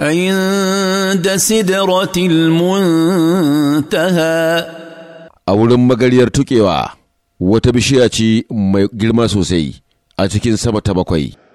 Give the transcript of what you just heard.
عند سدرة المنتهى a wurin magaryar tuƙewa, wata bishiya ce mai girma sosai a cikin sama ta bakwai